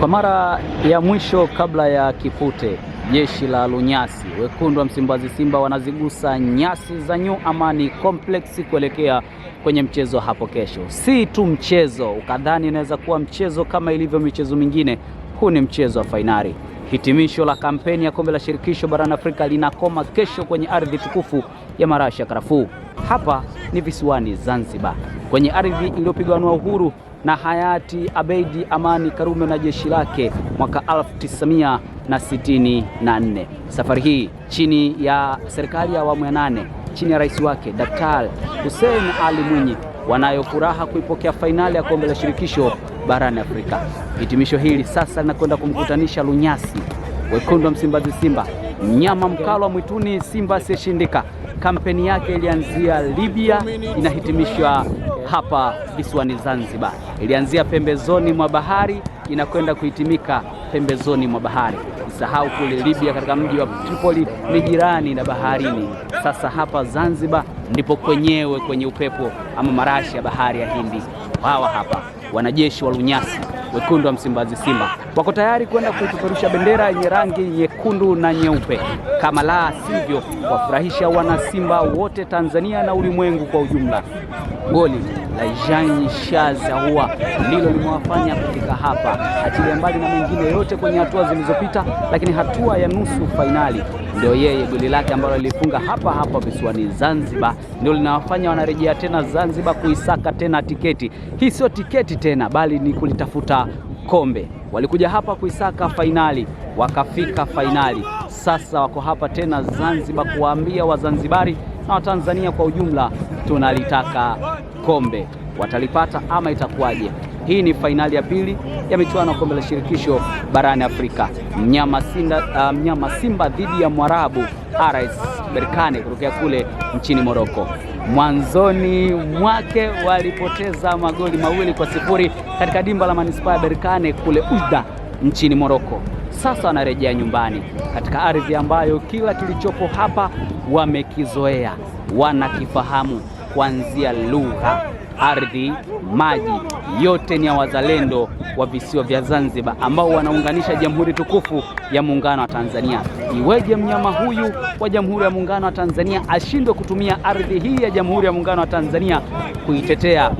Kwa mara ya mwisho kabla ya kifute, jeshi la lunyasi wekundu wa Msimbazi Simba wanazigusa nyasi za New Amani Complex kuelekea kwenye mchezo hapo kesho. Si tu mchezo ukadhani inaweza kuwa mchezo kama ilivyo michezo mingine, huu ni mchezo wa fainali. Hitimisho la kampeni ya kombe la shirikisho barani Afrika linakoma kesho kwenye ardhi tukufu ya marashi ya karafuu. Hapa ni visiwani Zanzibar, kwenye ardhi iliyopiganwa uhuru na hayati abeidi Amani Karume na jeshi lake mwaka 1964. Safari hii chini ya serikali ya awamu ya nane chini ya rais wake Daktari Hussein Ali Mwinyi wanayo furaha kuipokea fainali ya kombe la shirikisho barani Afrika. Hitimisho hili sasa linakwenda kumkutanisha lunyasi wekundu wa Msimbazi Simba, mnyama mkali wa mwituni Simba asiyeshindika Kampeni yake ilianzia Libya, inahitimishwa hapa visiwani Zanzibar. Ilianzia pembezoni mwa bahari, inakwenda kuhitimika pembezoni mwa bahari. Usahau kule Libya katika mji wa Tripoli ni jirani na baharini. Sasa hapa Zanzibar ndipo kwenyewe kwenye upepo ama marashi ya bahari ya Hindi. Hawa hapa wanajeshi wa lunyasi wekundu wa Msimbazi Simba wako tayari kwenda kuipeperusha bendera yenye rangi nyekundu na nyeupe, kama la sivyo wafurahisha wanasimba wote Tanzania na ulimwengu kwa ujumla. Goli la Jean Shazahua ndilo limewafanya kufika hapa, achilia mbali na mengine yote kwenye hatua zilizopita, lakini hatua ya nusu fainali ndio yeye goli lake ambalo lilifunga hapa hapa visiwani Zanzibar ndio linawafanya wanarejea tena Zanzibar kuisaka tena tiketi hii. Sio tiketi tena, bali ni kulitafuta kombe walikuja hapa kuisaka fainali, wakafika fainali. Sasa wako hapa tena Zanzibar kuwaambia Wazanzibari na Watanzania kwa ujumla, tunalitaka kombe. Watalipata ama itakuwaje? Hii ni fainali ya pili ya michuano ya kombe la shirikisho barani Afrika, mnyama Simba, uh, mnyama Simba dhidi ya Mwarabu RS Berkane kutokea kule nchini Moroko. Mwanzoni mwake walipoteza magoli mawili kwa sifuri katika dimba la manispaa ya Berkane kule Ujda nchini Moroko. Sasa wanarejea nyumbani katika ardhi ambayo kila kilichopo hapa wamekizoea, wanakifahamu kuanzia lugha ardhi, maji yote ni ya wazalendo wa visiwa vya Zanzibar ambao wanaunganisha jamhuri tukufu ya muungano wa Tanzania. Iweje mnyama huyu wa jamhuri ya muungano wa Tanzania ashindwe kutumia ardhi hii ya jamhuri ya muungano wa Tanzania kuitetea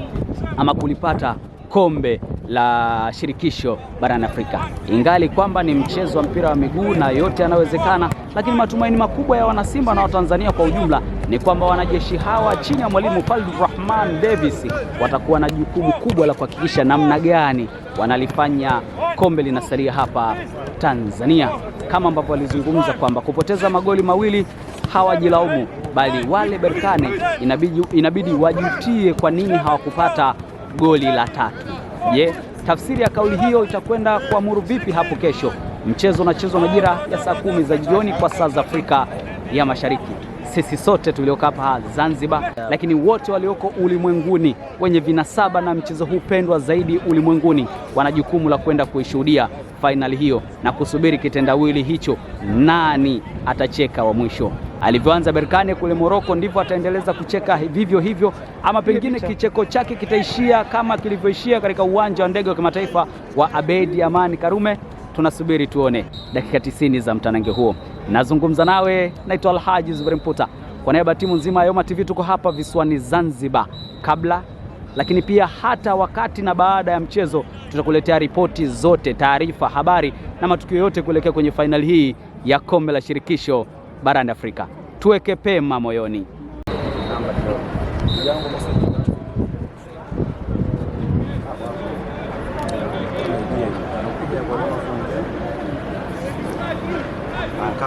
ama kulipata kombe la shirikisho barani Afrika, ingali kwamba ni mchezo wa mpira wa miguu na yote yanawezekana, lakini matumaini makubwa ya Wanasimba na Watanzania kwa ujumla ni kwamba wanajeshi hawa chini ya mwalimu Rahman Davis watakuwa na jukumu kubwa la kuhakikisha namna gani wanalifanya kombe linasalia hapa Tanzania, kama ambavyo walizungumza kwamba kupoteza magoli mawili hawajilaumu, bali wale Berkane inabidi, inabidi wajutie kwa nini hawakupata goli la tatu. Je, tafsiri ya kauli hiyo itakwenda kuamuru vipi hapo kesho? Mchezo unachezwa majira ya saa kumi za jioni kwa saa za Afrika ya Mashariki sisi sote tulioko hapa Zanzibar, lakini wote walioko ulimwenguni wenye vinasaba na mchezo huu pendwa zaidi ulimwenguni wana jukumu la kwenda kuishuhudia fainali hiyo na kusubiri kitendawili hicho, nani atacheka wa mwisho. Alivyoanza Berkane kule Moroko, ndivyo ataendeleza kucheka vivyo hivyo, ama pengine kicheko chake kitaishia kama kilivyoishia katika uwanja wa ndege wa kimataifa wa abedi Amani Karume. Tunasubiri tuone dakika 90 za mtanange huo. Nazungumza nawe, naitwa Alhaji Zuberi Mputa. Kwa niaba ya timu nzima ya Ayoma TV tuko hapa visiwani Zanzibar, kabla lakini pia hata wakati na baada ya mchezo, tutakuletea ripoti zote, taarifa, habari na matukio yote kuelekea kwenye fainali hii ya kombe la shirikisho barani Afrika. Tuweke pema moyoni.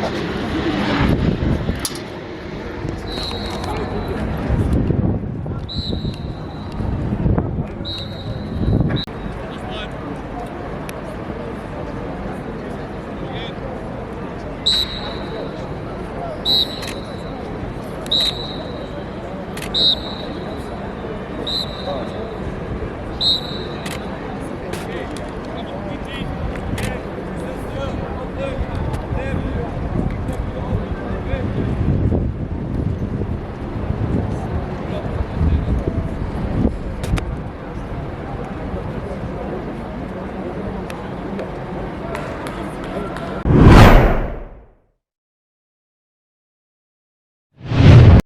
すいません。